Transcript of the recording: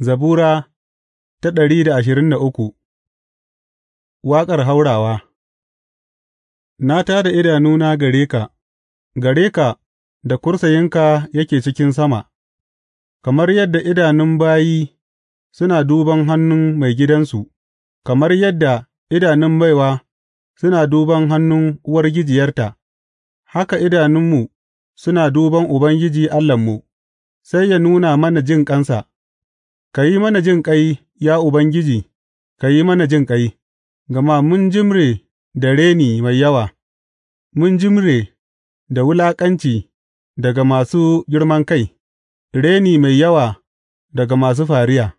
Zabura ta ɗari da ashirin da uku Waƙar haurawa Na tā da idanuna gare ka, gare ka da kursayinka yake cikin sama, kamar yadda idanun bayi suna duban hannun mai gidansu. kamar yadda idanun baiwa suna duban hannun uwargijiyarta, haka idanunmu suna duban Ubangiji Allahnmu, sai ya nuna mana jin ƙansa. Ka yi mana jinƙai, ya Ubangiji, ka yi mana jinƙai, gama mun jimre da reni mai yawa, mun jimre da wulaƙanci daga masu girman kai, reni mai yawa daga masu fariya.